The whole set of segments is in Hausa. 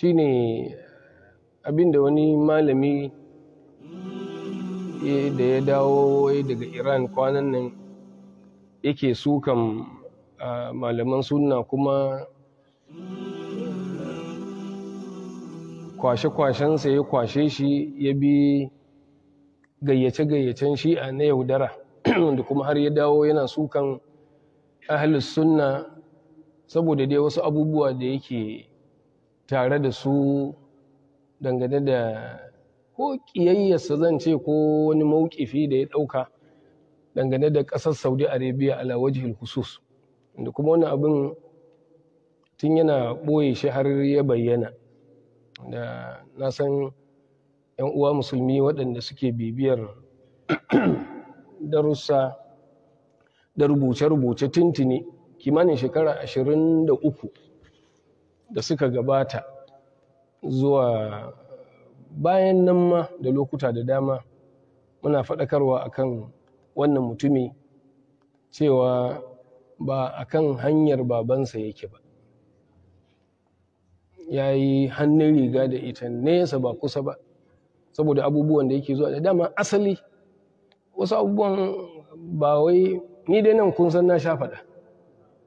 Shi shine da wani malami da ya dawo daga iran kwanan nan yake sukan malaman sunna kuma kwashe-kwashensa ya kwashe shi ya bi gayyace-gayyacen shi'a na yaudara da kuma har ya dawo yana sukan ahalus sunna saboda dai wasu abubuwa da yake tare da su dangane da ko ƙiyayyarsa zan ce ko wani mawukifi da ya ɗauka dangane da ƙasar saudi arabia ala wajihil husus da kuma wani abin tun yana ɓoye shi har ya bayyana da na san 'yan uwa musulmi waɗanda suke bibiyar darussa da rubuce-rubuce tuntuni kimanin shekara ashirin da uku da suka gabata zuwa bayan nan ma da lokuta da dama muna faɗakarwa akan wannan mutumi cewa ba a kan hanyar babansa yake ba ya yi hannun riga da ita nesa ba kusa ba saboda abubuwan da yake zuwa da dama asali wasu abubuwan ba wai ni dai nan kun san na sha faɗa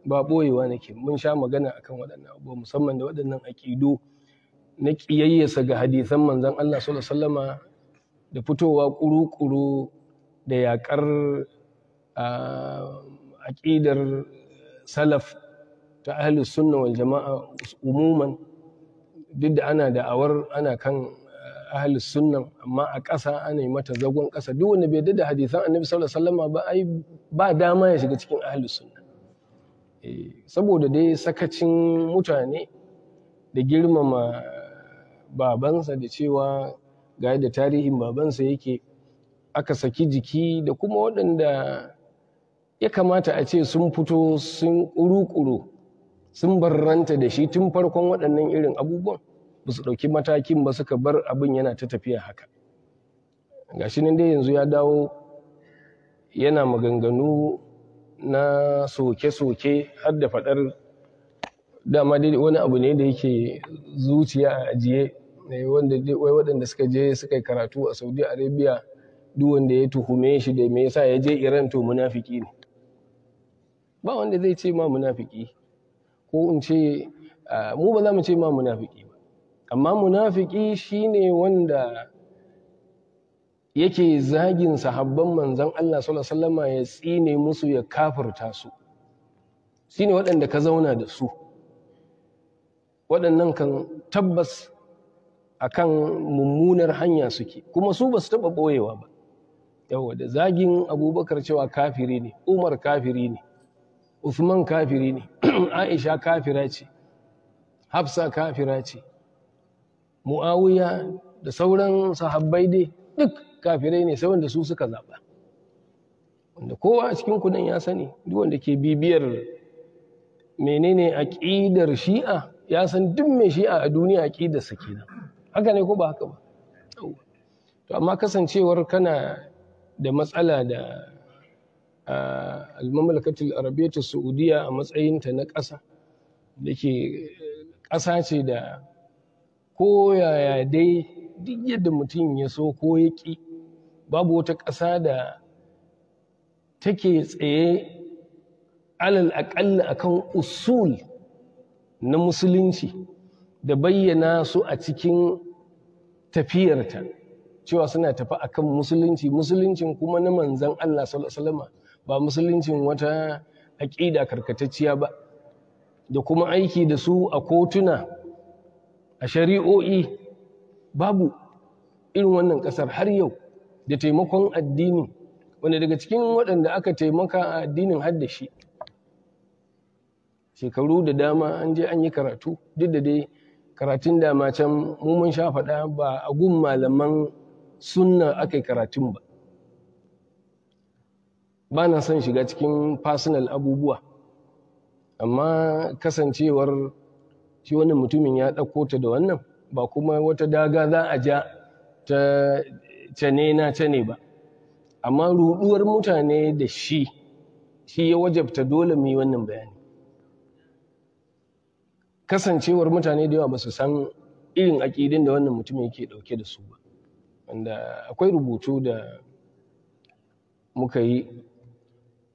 ba ɓoyewa nake mun sha magana akan waɗannan abubuwa musamman da waɗannan aƙidu na ƙiyayyasa ga hadisan manzon Allah sallallahu alaihi wasallama da fitowa ƙuruƙuru kuru da yaƙar aƙidar salaf ta ahlus sunna wal jama'a umuman duk da ana da'awar ana kan ahlus sunna amma a ƙasa ana yi mata zagon ƙasa duk wanda bai da hadisan annabi sallallahu alaihi wasallama ba ba dama ya shiga cikin ahlus sunna Eh, saboda dai sakacin mutane da girmama babansa da cewa ga yadda tarihin babansa yake aka saki jiki da kuma waɗanda ya kamata a ce sun fito sun ƙuru-ƙuru sun barranta da shi tun farkon waɗannan irin abubuwan ba su ɗauki matakin ba suka bar abin yana ta tafiya haka Ga shi nan dai yanzu ya dawo yana maganganu na soke-soke har da faɗar dama dai wani abu ne da yake zuciya a ajiye eh, wai waɗanda suka je suka yi karatu a saudi arabia duk wanda ya tuhume shi da me yasa ya je iran to munafiki ne ba wanda zai ce ma munafiki ko in ce ah, mu ba za mu ce ma munafiki ba amma munafiki shine wanda yake zagin sahabban manzan Allah sallallahu ya tsine musu ya kafirta su shine ne waɗanda ka zauna da su waɗannan kan tabbas akan mummunar hanya suke kuma su basu su taɓa ɓoyewa ba yawa da zagin abubakar cewa kafiri ne umar kafiri ne usman kafiri ne aisha kafira ce hafsa kafira ce mu'awiya da sauran sahabbai dai duk kafirai ne wanda su suka zaɓa wanda kowa a cikin kudin ya sani duk wanda ke bibiyar menene aƙidar shi'a ya san duk mai shi'a a duniya aƙidar sa kenan haka ne ko ba haka ba to amma kasancewar kana da matsala da al-mamlakatul arabiyyatus saudiya a matsayinta na ƙasa da ke ƙasa ce da koyaya dai duk yadda mutum ya so ko ya ƙi babu wata ƙasa da take tsaye alal aƙalla akan usul na musulunci da bayyana su a cikin tafiyarta cewa suna tafi akan musulunci musuluncin kuma na manzan Allah salama ba musuluncin wata aƙida karkatacciya ba da kuma aiki da su a kotuna a shari'o'i babu irin wannan ƙasar har yau da taimakon addini wanda daga cikin waɗanda aka taimaka a addinin haddashi shi shekaru da dama an je an yi karatu duk da dai karatun dama can mu mun sha faɗa ba a gun malaman sunna aka yi karatun ba ba na son shiga cikin personal abubuwa amma kasancewar shi wannan mutumin ya ɗauko ta da wannan ba kuma wata daga za a ja ta cane na cane ba amma ruduwar mutane da shi shi ya wajabta dole mu yi wannan bayani kasancewar mutane da yawa ba su san irin aƙidin da wannan mutumin yake ɗauke da su ba wanda akwai rubutu da muka yi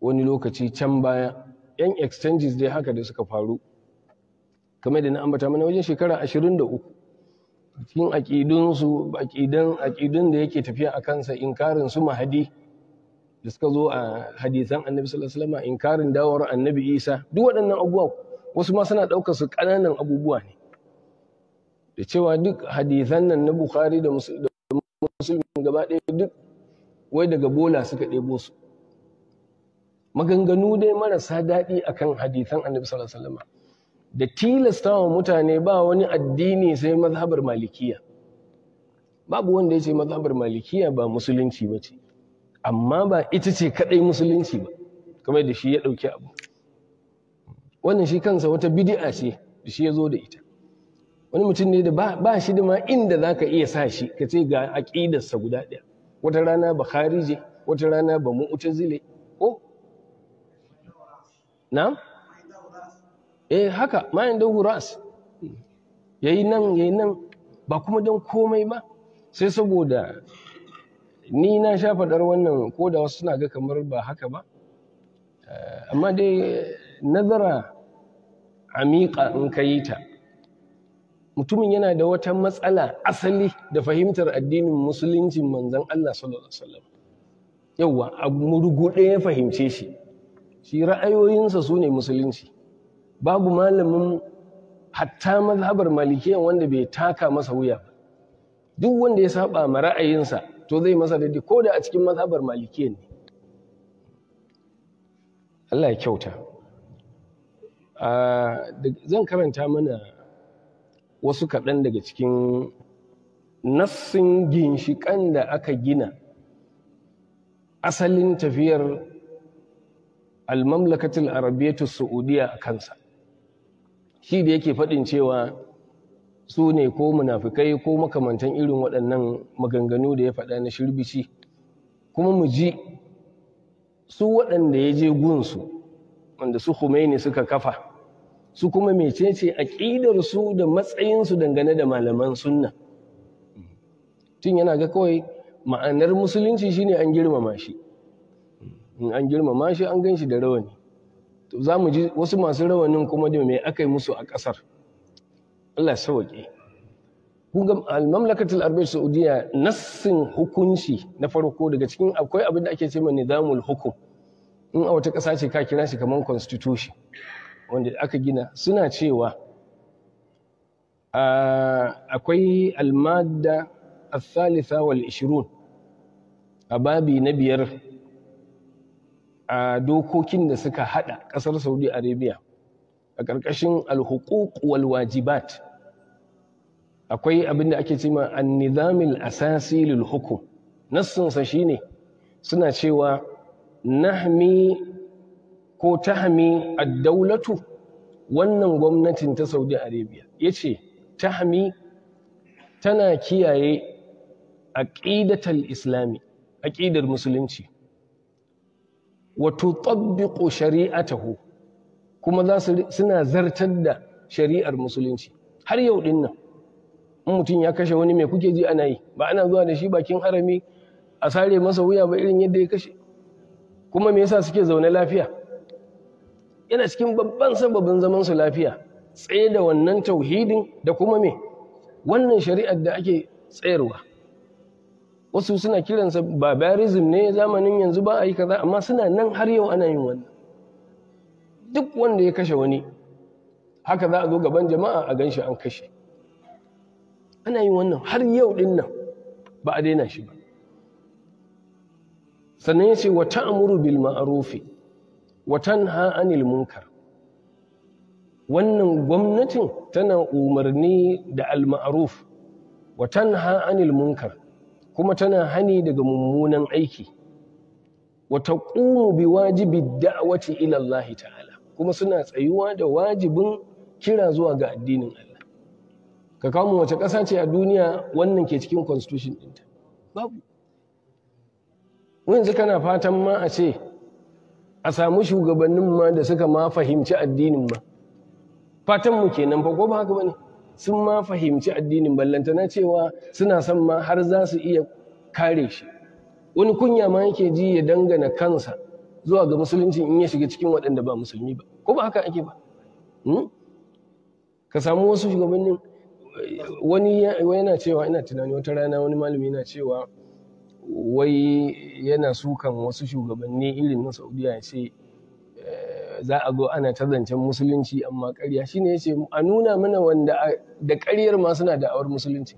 wani lokaci can baya yan exchanges dai haka da suka faru kamar da na ambata mana wajen shekara 23 cikin aƙidunsu aƙidun da yake tafiya a kansa inkarin su mahadi da suka zo a hadisan annabi sallallahu alaihi wasallam inkarin dawar annabi isa duk waɗannan abubuwa wasu ma suna ɗaukar su ƙananan abubuwa ne da cewa duk hadisan nan na bukhari da musulmi gaba ɗaya duk wai daga bola suka ɗebo su maganganu dai marasa daɗi akan hadisan annabi sallallahu alaihi wasallam da tilasta wa mutane ba wani addini sai mazhabar malikiya babu wanda ya ce mazhabar malikiya ba musulunci ba ce amma ba ita ce kaɗai musulunci ba kamar da shi ya ɗauki abu wannan shi kansa wata bidi'a ce da shi ya zo da ita wani mutum ne da ba shi da ma inda za ka iya sa shi ka ce ga aƙidarsa guda ɗaya wata rana ba kharije wata rana ba mu'tazile ko na eh haka mayan da ras yayi nan yayi nan ba kuma dan komai ba sai saboda ni na sha faɗar wannan ko da wasu suna ga kamar ba haka ba eh, amma dai nazara amiƙa in ka yi ta mutumin yana da wata matsala asali da fahimtar addinin musuluncin manzan Allah sallallahu alaihi wasallam yawa a murguɗe ya fahimce shi shi ra'ayoyinsa su ne musulunci babu malamin hatta mazhabar malikiyan wanda bai taka masa wuya ba duk wanda ya saba ma ra'ayinsa to zai masa daidai ko da a cikin mazhabar malikiyan ne Allah ya kyauta ah, zan karanta mana wasu kaɗan daga cikin nassin ginshiƙan da aka gina asalin tafiyar al-mamlakatul arabiyyatu saudiya a kansa shi da yake faɗin cewa su ne ko munafikai ko makamantan irin waɗannan maganganu da ya faɗa na shirbici kuma mu ji su waɗanda ya je gunsu wanda su Khomeini suka kafa su kuma mecece su da matsayinsu dangane da malaman sunna tun yana ga kawai ma'anar musulunci shine an girmama shi an girmama shi an gan shi da rawani to za mu ji wasu masu rawanin kuma da mai aka yi musu a ƙasar Allah sauƙi kun ga al-mamlakatul arabiyyah saudiya nassin hukunci na farko daga cikin akwai abin da ake cewa nizamul hukum in a wata ƙasa ce ka kira shi kamar constitution wanda aka gina suna cewa akwai al-madda al-thalitha wal a babi na biyar a dokokin da suka hada kasar saudi arabia a ƙarƙashin alhuquq walwajibat, wajibat akwai abin da ake cima an-nizamil asasi lil hukum nassinsa shine suna cewa nahmi ko tahmi a daulatu wannan gwamnatin ta saudi arabia ce tahmi tana kiyaye aqidatal islami aqidar musulunci wa shari'a shari'atahu kuma za su suna zartar da shari'ar musulunci har yau din nan in mutum ya kashe wani mai kuke ji ana yi ba ana zuwa da shi bakin harami a sare masa wuya ba irin yadda ya kashe kuma me yasa suke zaune lafiya yana cikin babban sababin zaman su lafiya tsaye da wannan tauhidin da kuma me wannan shari'ar da ake tsayarwa wasu suna kiransa barbarism ne zamanin yanzu ba a yi kaza amma suna nan har yau ana yin wannan duk wanda ya kashe wani haka za a zo gaban jama'a a ganshi an kashe ana yin wannan har yau din nan ba a daina shi ba sannan wata wa ta'muru bil ma'rufi wa tanha anil munkar wannan gwamnatin tana umarni da al watan wa tanha anil munkar kuma tana hani daga mummunan aiki wata taqumu bi wajibi da'wati ilallahi ta'ala kuma suna tsayuwa da wajibin kira zuwa ga addinin Allah ka kawo wace ƙasa ce a duniya wannan ke cikin constitution ɗinta babu yanzu kana fatan ma a ce a samu shugabannin ma da suka ma fahimci addinin ma Fatanmu mu kenan ba ko ba haka bane sun ma fahimci addinin ballantana cewa suna son ma har za su iya kare shi wani kunya ma yake ji ya dangana kansa zuwa ga musulunci in ya shiga cikin waɗanda ba musulmi ba ko ba haka ake ba hmm? ka samu wasu shugabannin wani yana cewa ina tunani wata rana wani malami yana cewa wai yana sukan wasu shugabanni irin na saudiya ya ce za a zo ana ta zancen musulunci amma ƙarya shine yace a nuna mana wanda da ƙaryar ma suna da'awar musulunci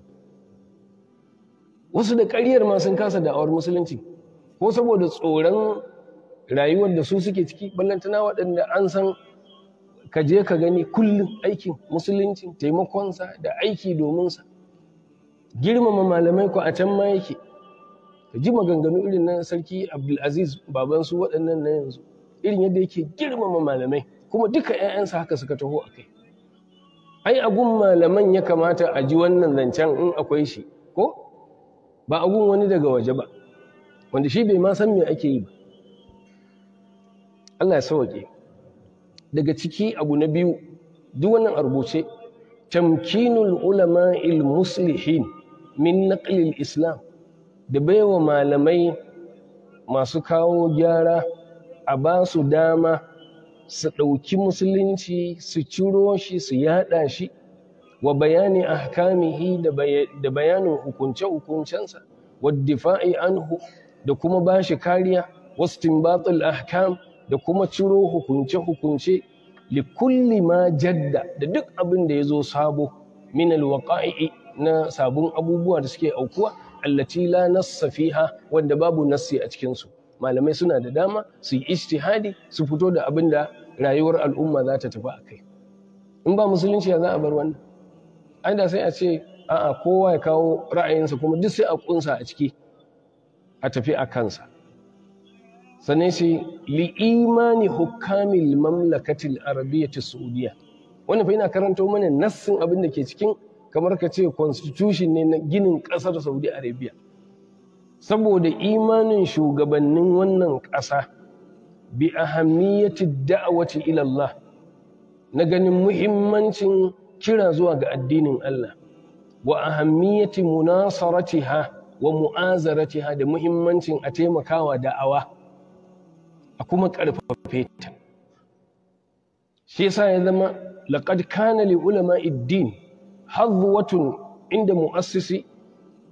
wasu da ƙaryar ma sun kasa da'awar musulunci ko saboda tsoron rayuwar da su suke ciki ballantana waɗanda an san ka je ka gani kullum aikin musulunci taimakonsa da aiki dominsa girmama malamai ku a can ma yake ka ji maganganu irin na sarki abdulaziz babansu waɗannan na yanzu irin yadda yake girmama malamai kuma duka 'ya'yansa haka suka taho a kai ai agun malaman ya kamata a ji wannan zancen in akwai shi ko ba agun wani daga waje ba wanda shi bai ma san me ake yi ba Allah ya sauke daga ciki abu na biyu duk wannan a rubuce ulama il muslihin min naqlil islam da baiwa malamai masu kawo gyara a ba su dama su ɗauki musulunci su ciro shi su yaɗa shi wa bayani ahkamihi da bayanin hukunce-hukuncensa wa difa'i anhu da kuma ba shi kariya wasu timbatul ahkam da kuma ciro hukunce-hukunce li kulli ma jadda da duk abin da ya zo sabo min alwaqa'i na sabon abubuwa da suke aukuwa allati la nassa fiha wanda babu nassi a cikinsu malamai suna da dama su yi ijtihadi su fito da abin da rayuwar al'umma za ta tafi a kai in ba musulunci ya za a bar wannan ai da sai a ce a'a kowa ya kawo ra'ayinsa kuma duk sai a kunsa a ciki a tafi a kansa sane shi li'imani hukamil mamlakatil arabiyyatis saudiya wannan fa ina karanto mana nassin abin da ke cikin kamar ka ce constitution ne na ginin kasar saudi arabia saboda imanin shugabannin wannan ƙasa bi a da'awati ila ilallah na ganin muhimmancin kira zuwa ga addinin Allah wa a munasarati ha wa ha da muhimmancin a taimakawa da'awa a kuma ƙarfafe ta shi yasa ya zama laqad kana li ulama iddin din inda mu'assisi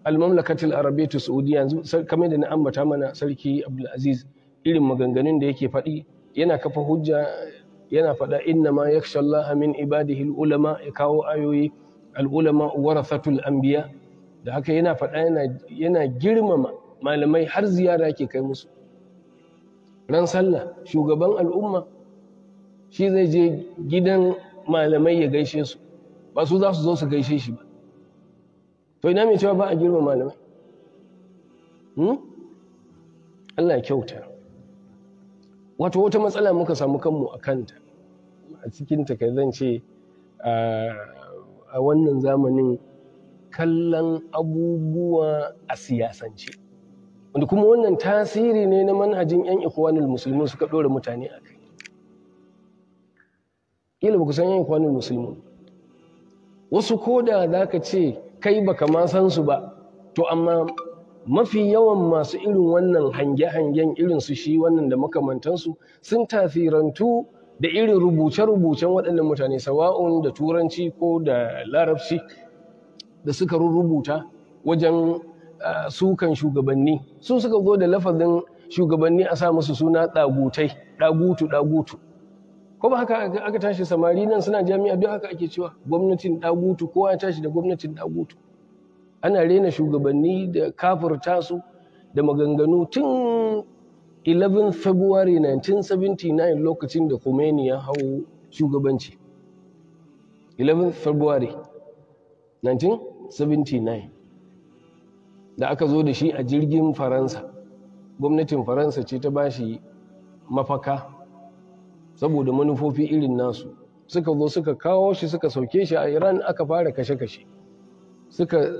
al arabiyatu arabiyyatu saudiya yanzu kamar da na ambata mana sarki abdulaziz irin maganganun da yake faɗi yana kafa hujja yana faɗa inna ma yakhsha Allah min ibadihi ulama ya kawo ayoyi al-ulama warathatul anbiya da haka yana faɗa yana yana girmama malamai har ziyara yake kai musu ran sallah shugaban al'umma shi zai je gidan malamai ya gaishe su ba su za su zo su gaishe shi ba to ina mai cewa ba a girma malamai hmm? Allah kyauta wato wata matsala muka samu kanmu a kanta a cikin zan ce a wannan zamanin kallon abubuwa a siyasance wanda kuma wannan tasiri ne na manhajin 'yan ikwanul musulmi suka ɗora mutane a kai ƙila ba ku san 'yan ikwanul musulmi wasu koda za ka ce kai baka ma san su ba to amma mafi yawan masu irin wannan hange-hangen irin su shi wannan da makamantansu sun tafirantu da irin rubuce-rubucen waɗannan mutane sawa'un da turanci ko da larabci da suka rubuta wajen sukan shugabanni su suka zo da lafazin shugabanni a sa musu suna ɗagutai ɗagutu ɗagutu ko ba haka aka tashi samari nan suna jami'a biyu haka ake cewa gwamnatin dagutu kowa ya tashi da gwamnatin dagutu ana rena shugabanni da kafurta su da maganganu tun 11 february 1979 lokacin da Khomeini ya hau shugabanci 11 february 1979 da aka zo da shi a jirgin faransa gwamnatin faransa ce ta bashi mafaka saboda manufofi irin nasu suka zo suka kawo shi suka sauke shi a iran aka fara kashe-kashe suka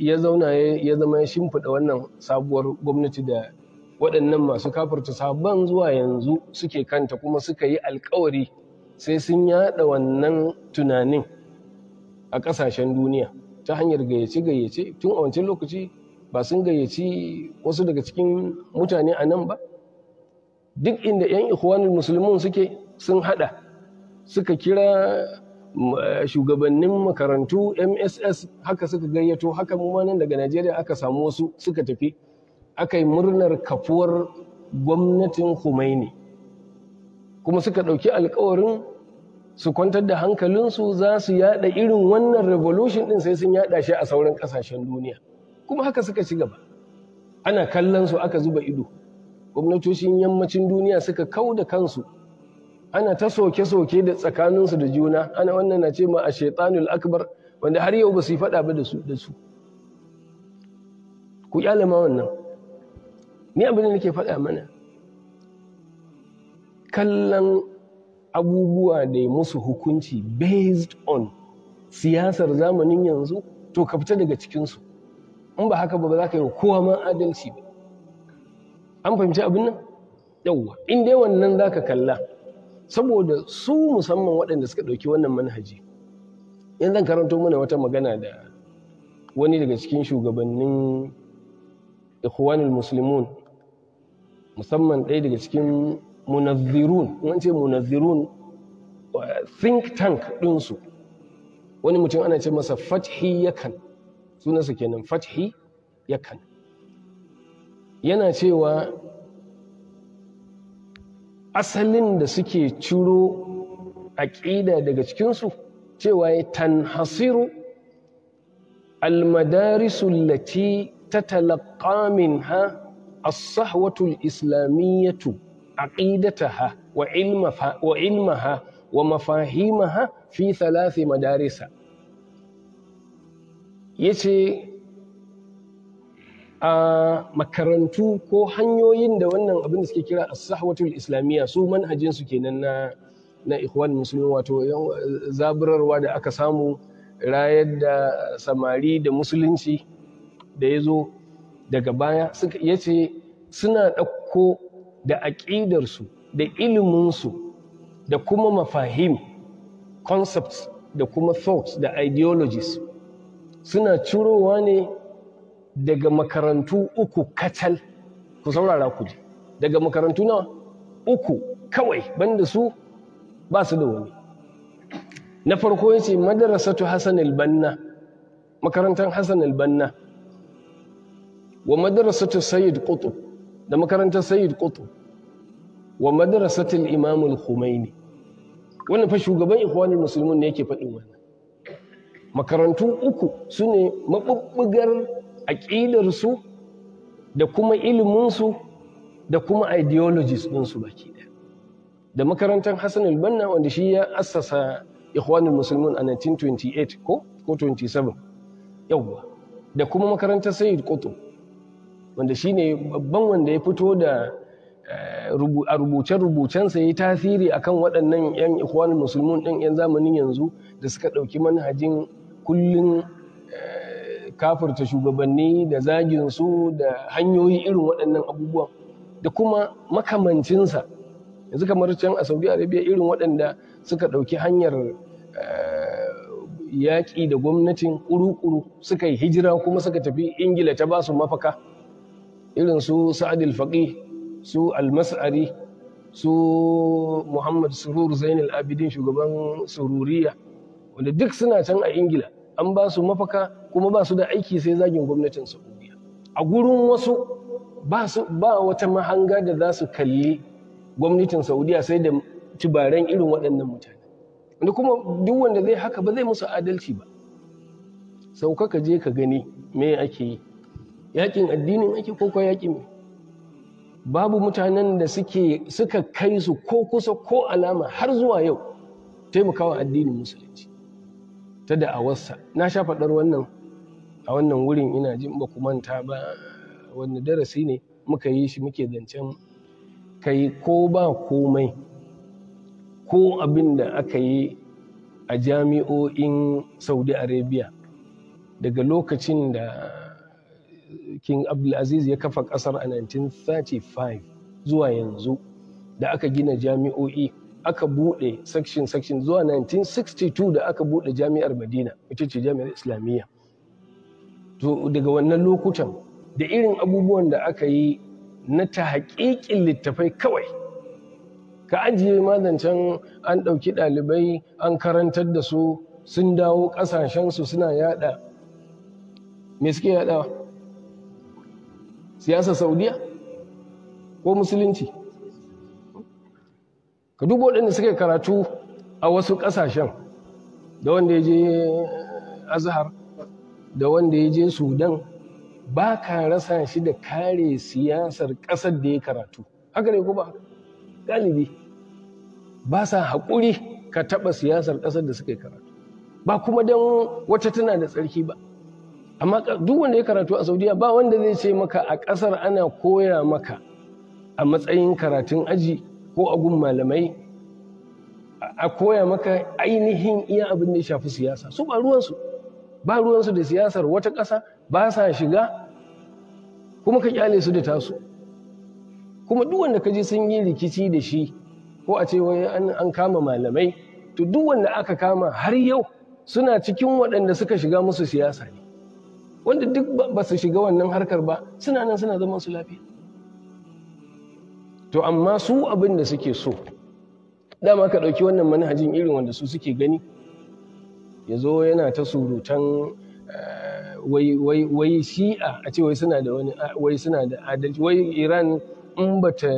ya zauna ya zama ya shimfiɗa wannan sabuwar gwamnati da waɗannan masu kafarta sabon zuwa yanzu suke kanta kuma suka yi alkawari sai sun yaɗa wannan tunanin a ƙasashen duniya ta hanyar gayyace-gayyace tun a wancan lokaci ba sun gayyaci wasu daga cikin mutane a nan ba duk inda 'yan ikhwanul musulmin suke sun hada suka kira shugabannin makarantu mss haka suka gayyato haka mu nan daga najeriya aka samu wasu suka tafi aka yi murnar kafuwar gwamnatin Khomeini kuma suka ɗauki alkawarin su kwantar da hankalinsu za su yada irin wannan revolution din sai sun yada shi a sauran ƙasashen duniya kuma haka suka ci gaba ana kallon su aka zuba ido gwamnatocin yammacin duniya suka kau da kansu ana ta soke-soke da tsakaninsu da juna ana wannan na ce ma a shaitanul akbar wanda har yau ba su yi faɗa ba da su da su ku wannan ni abin da nake faɗa mana kallon abubuwa da musu hukunci based on siyasar zamanin yanzu to ka fita daga cikinsu in ba haka ba ba za ka yi kowa ma adalci ba an fahimci abin nan yawwa in dai wannan ka kalla saboda su musamman waɗanda suka ɗauki wannan manhaji yanzu zan karanto mana wata magana da wani daga cikin shugabannin ikhwanul muslimun musamman ɗaya daga cikin munazzirun in ce munazzirun think tank ɗinsu wani mutum ana ce masa fathi yakan sunansa kenan fathi yakan yana cewa asalin da suke ciro aƙida daga cikinsu cewa ya tanhasiru almadarisul lati ta talakamin ha a al-islamiyyatu a wa ilmaha wa ilmaha wa mafahimaha fi thalath madarisa yace a makarantu ko hanyoyin da wannan abin da suke kira a sahwatul islamiyya su manhajinsu su kenan na na ikhwan wato zaburarwa da aka samu rayar da samari da musulunci da ya zo daga baya ya ce suna ɗauko da aƙidarsu da iliminsu da kuma mafahim concepts da kuma thoughts da ideologies suna curowa ne daga makarantu uku kacal ku saurara ku ji daga makarantu na uku kawai banda su ba su da wani na farko ya ce madarasatu hassan albanna makarantar hassan albanna wa madarasatu sayyid qutub da makarantar sayyid qutub wa madrasatul imam al-khumaini wannan fa shugaban ikhwanul muslimin ne yake faɗin wannan makarantu uku sune mabubbugar aƙidarsu da kuma iliminsu da kuma ideologies ɗinsu baki ɗaya da makarantar hassan albanna wanda shi ya assasa ikhwanul musulmin a 1928 ko ko 27 yawwa da kuma makarantar sayyid qutb wanda shi ne babban wanda ya fito da eh, a rubuce-rubucensa ya yi tasiri akan waɗannan 'yan ikhwanul musulmin ɗin 'yan zamanin yanzu da suka ɗauki manhajin kullum kafurta shugabanni da zaginsu da hanyoyi irin waɗannan abubuwan da kuma makamancinsa yanzu kamar can a saudi arabia irin waɗanda suka ɗauki hanyar eh, yaƙi da gwamnatin ƙuruƙuru suka yi hijira kuma suka tafi ingila ta ba su mafaka irin su sa'ad faƙi su almas'ari su muhammad surur zainul abidin shugaban sururiya wanda duk suna can a ingila an ba su mafaka kuma ba su da aiki sai zagin gwamnatin Saudiya a gurin wasu ba su ba wata mahanga da za su kalli gwamnatin Saudiya sai da tubaran irin waɗannan mutane wanda kuma duk wanda zai haka ba zai musu adalci ba sauka ka je ka gani me ake yi yakin addinin ake ko yakin me babu mutanen da suke suka kai su ko kusa ko alama har zuwa yau taimakawa addinin musulunci ta da'awarsa na sha faɗar wannan a wannan wurin ina jin ba manta ba wanda darasi ne muka yi shi muke zancen kai ko ba komai ko abin da aka yi a jami'o'in saudi arabia daga lokacin da king abdulaziz ya kafa kasar a 1935 zuwa yanzu da aka gina jami'o'i aka buɗe section section zuwa 1962 da aka buɗe jami'ar madina ita ce jami'ar islamiyya daga wannan lokutan da irin abubuwan da aka yi na ta haƙiƙin littafai kawai ka ajiye mazancan an ɗauki ɗalibai an karantar da su sun dawo ƙasashensu suna yada me suke yada siyasa saudiya ko musulunci ka dubo waɗanda suka karatu a wasu ƙasashen da wanda ya je azhar da wanda ya je sudan ba ka rasa shi da kare siyasar ƙasar da ya karatu haka ne ko ba galibi ba sa haƙuri ka taɓa siyasar ƙasar da suka karatu ba kuma don wata tana da tsarki ba amma duk wanda ya karatu a saudiya ba wanda zai ce maka a ƙasar ana koya maka a matsayin karatun aji ko a gun malamai a koya maka ainihin iya abin da ya shafi siyasa su ba ruwansu ba ruwansu da siyasar wata ƙasa ba sa shiga kuma ka kyale su da tasu kuma duk wanda ka ji sun yi rikici da shi ko a ce an kama malamai to duk wanda aka kama har yau suna cikin waɗanda suka shiga musu siyasa ne wanda duk ba su shiga wannan harkar ba suna nan suna zaman su lafiya to amma su abin da suke so dama ka ɗauki wannan manhajin irin wanda su suke gani ya zo yana ta surutan eh, wai shi'a a ce wai suna da wani wai suna da adalci wai iran in ba ta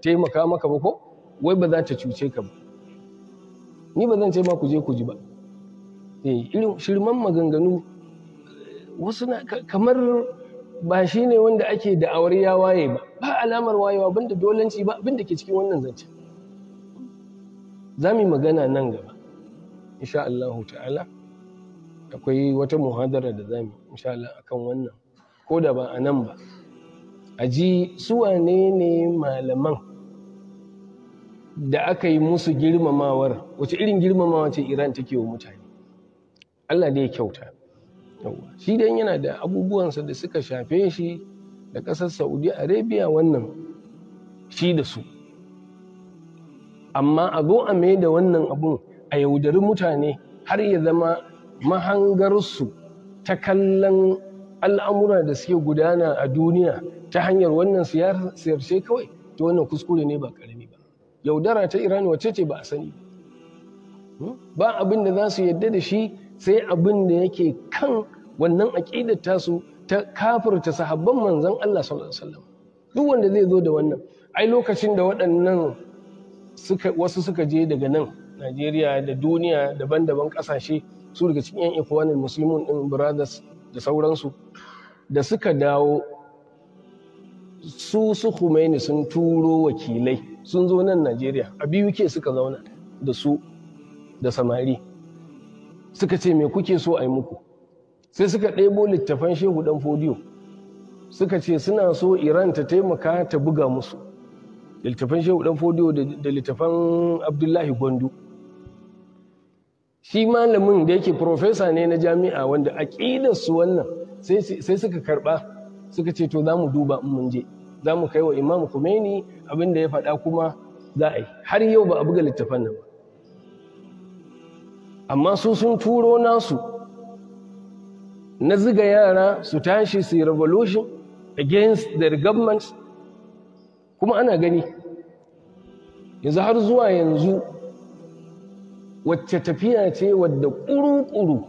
taimaka maka ba ko wai ba za ta cuce ka ba ni ba zan ce ma ku je ku ji ba eh, irin shirman maganganu wasu na kamar ba shi ne wanda ake da aure ya waye ba ba alamar wayewa banda dolanci ba abin ke cikin wannan zancen za mu magana nan gaba insha Allah ta'ala akwai wata muhadara da za mu insha Allah akan wannan ko da ba a nan ba a ji wane ne malaman da aka yi musu girmamawar wace irin girmamawa ce Iran take wa mutane Allah ne ya kyauta shi dai yana da abubuwansa da suka shafe shi da ƙasar saudi arabia wannan shi da su amma a zo a mai da wannan abun a yaudari mutane har ya zama mahangarsu ta kallon al'amura da suke gudana a duniya ta hanyar wannan siyarce kawai ta wannan kuskure ne ba karami ba yaudara ta iran wacce ce ba a sani ba hmm? abin da za su yadda da shi sai abin da yake kan wannan aƙidar tasu ta kafirta sahabban manzon Allah sallallahu alaihi wasallam duk wanda zai zo da wannan ai lokacin da waɗannan suka wasu suka je daga nan Najeriya da duniya daban-daban ƙasashe su daga cikin yan ikwanin musulmin din brothers da sauransu da suka dawo su su Khomeini sun turo wakilai sun zo nan Najeriya a biyu ke suka zauna da su da samari suka ce me kuke so a yi muku sai suka ɗebo littafan shehu ɗan fodiyo suka ce suna so iran ta taimaka ta buga musu littafan shehu ɗan fodiyo da littafan abdullahi gwandu shi malamin da yake profesa ne na jami'a wanda a su wannan sai suka karɓa suka ce to za mu duba in mun je za mu kai wa imam kumeni abin da ya faɗa kuma za a yi har yau ba a buga littafan nan ba amma su sun turo nasu na ziga yara su tashi su yi revolution against their government. kuma ana gani yanzu har zuwa yanzu wacce tafiya ce wadda ƙuru-ƙuru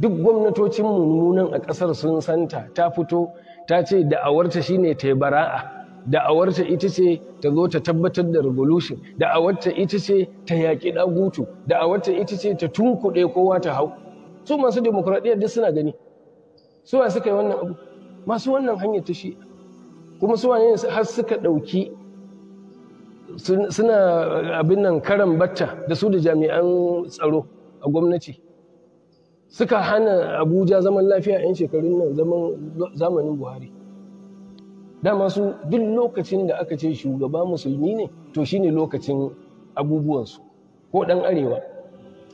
duk gwamnatocin mummunan a ƙasar sun santa ta fito ta ce da'awarta shine ta bara'a da'awarta ita ce ta zo ta tabbatar da revolution da'awarta ita ce ta yaƙi ɗagutu da'awarta ita ce ta tunkuɗe kowa ta hau su masu demokuraɗiyyar duk suna gani su wa suka yi wannan abu masu wannan hanyar ta shi kuma su wane har suka ɗauki suna abin nan karan batta da su da jami'an tsaro a gwamnati suka hana abuja zaman lafiya 'yan shekarun nan zamanin buhari dama su duk lokacin da aka ce shugaba musulmi ne to shine lokacin abubuwansu ko dan arewa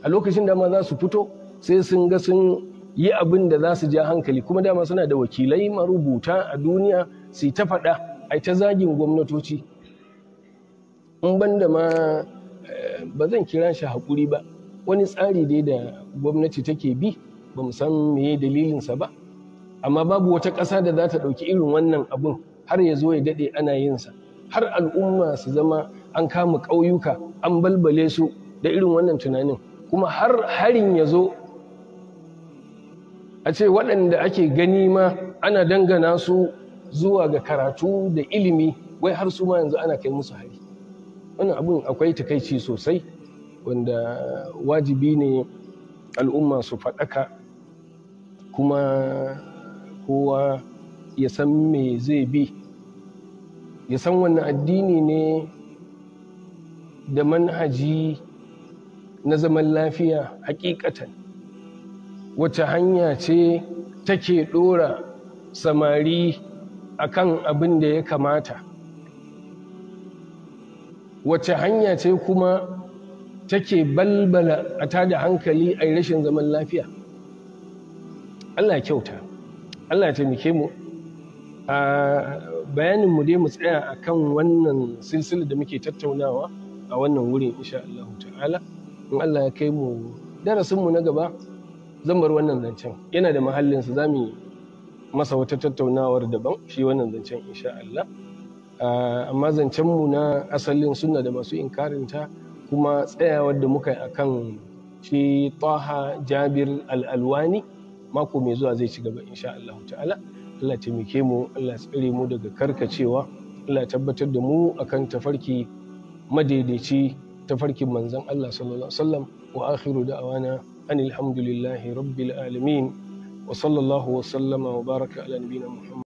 a lokacin dama za su fito sai sun ga sun yi abin da za su ja hankali kuma dama suna da wakilai marubuta a duniya su ta faɗa a ta zagin gwamnatoci in banda ma eh, ba zan kira shi haƙuri ba wani tsari dai da gwamnati take bi ba mu san meye dalilinsa ba amma babu wata ƙasa da za ta ɗauki irin wannan abin. har ya zo ya daɗe ana yin sa har al'umma su zama an kama ƙauyuka an balbale su da irin wannan tunanin kuma har harin ya zo a ce waɗanda ake gani ma ana dangana su zuwa ga karatu da ilimi wai har su ma yanzu ana kai musu hari wannan abun akwai takaici sosai wanda wajibi ne al'umma su faɗaka kuma kowa ya san me zai bi ya san wani addini ne da manhaji na zaman lafiya hakikatan wacce hanya ce take ɗora samari akan abin da ya kamata wace hanya ce kuma take balbala a tada hankali a rashin zaman lafiya Allah kyauta Allah ya taimake mu a ah, bayanin mu dai mu tsaya akan wannan silsila da muke tattaunawa a wannan wurin insha Allah ta'ala in Allah ya kai mu darasin mu na gaba zan bar wannan zancen yana da mahallin sa zamu masa wata tattaunawar daban shi wannan zancen insha Allah ah, amma zancen mu na asalin suna da masu inkarinta kuma tsayawar da muka yi akan shi Taha Jabir al'alwani. mako mai zuwa zai ci gaba insha Allah ta'ala Allah taimake mu Allah tsire mu daga karkacewa Allah tabbatar da mu akan tafarki madaidaici tafarkin manzon Allah sallallahu alaihi wasallam wa akhiru da'wana anil hamdulillahi rabbil alamin wa sallallahu wa sallama wa baraka ala nabiyyina Muhammad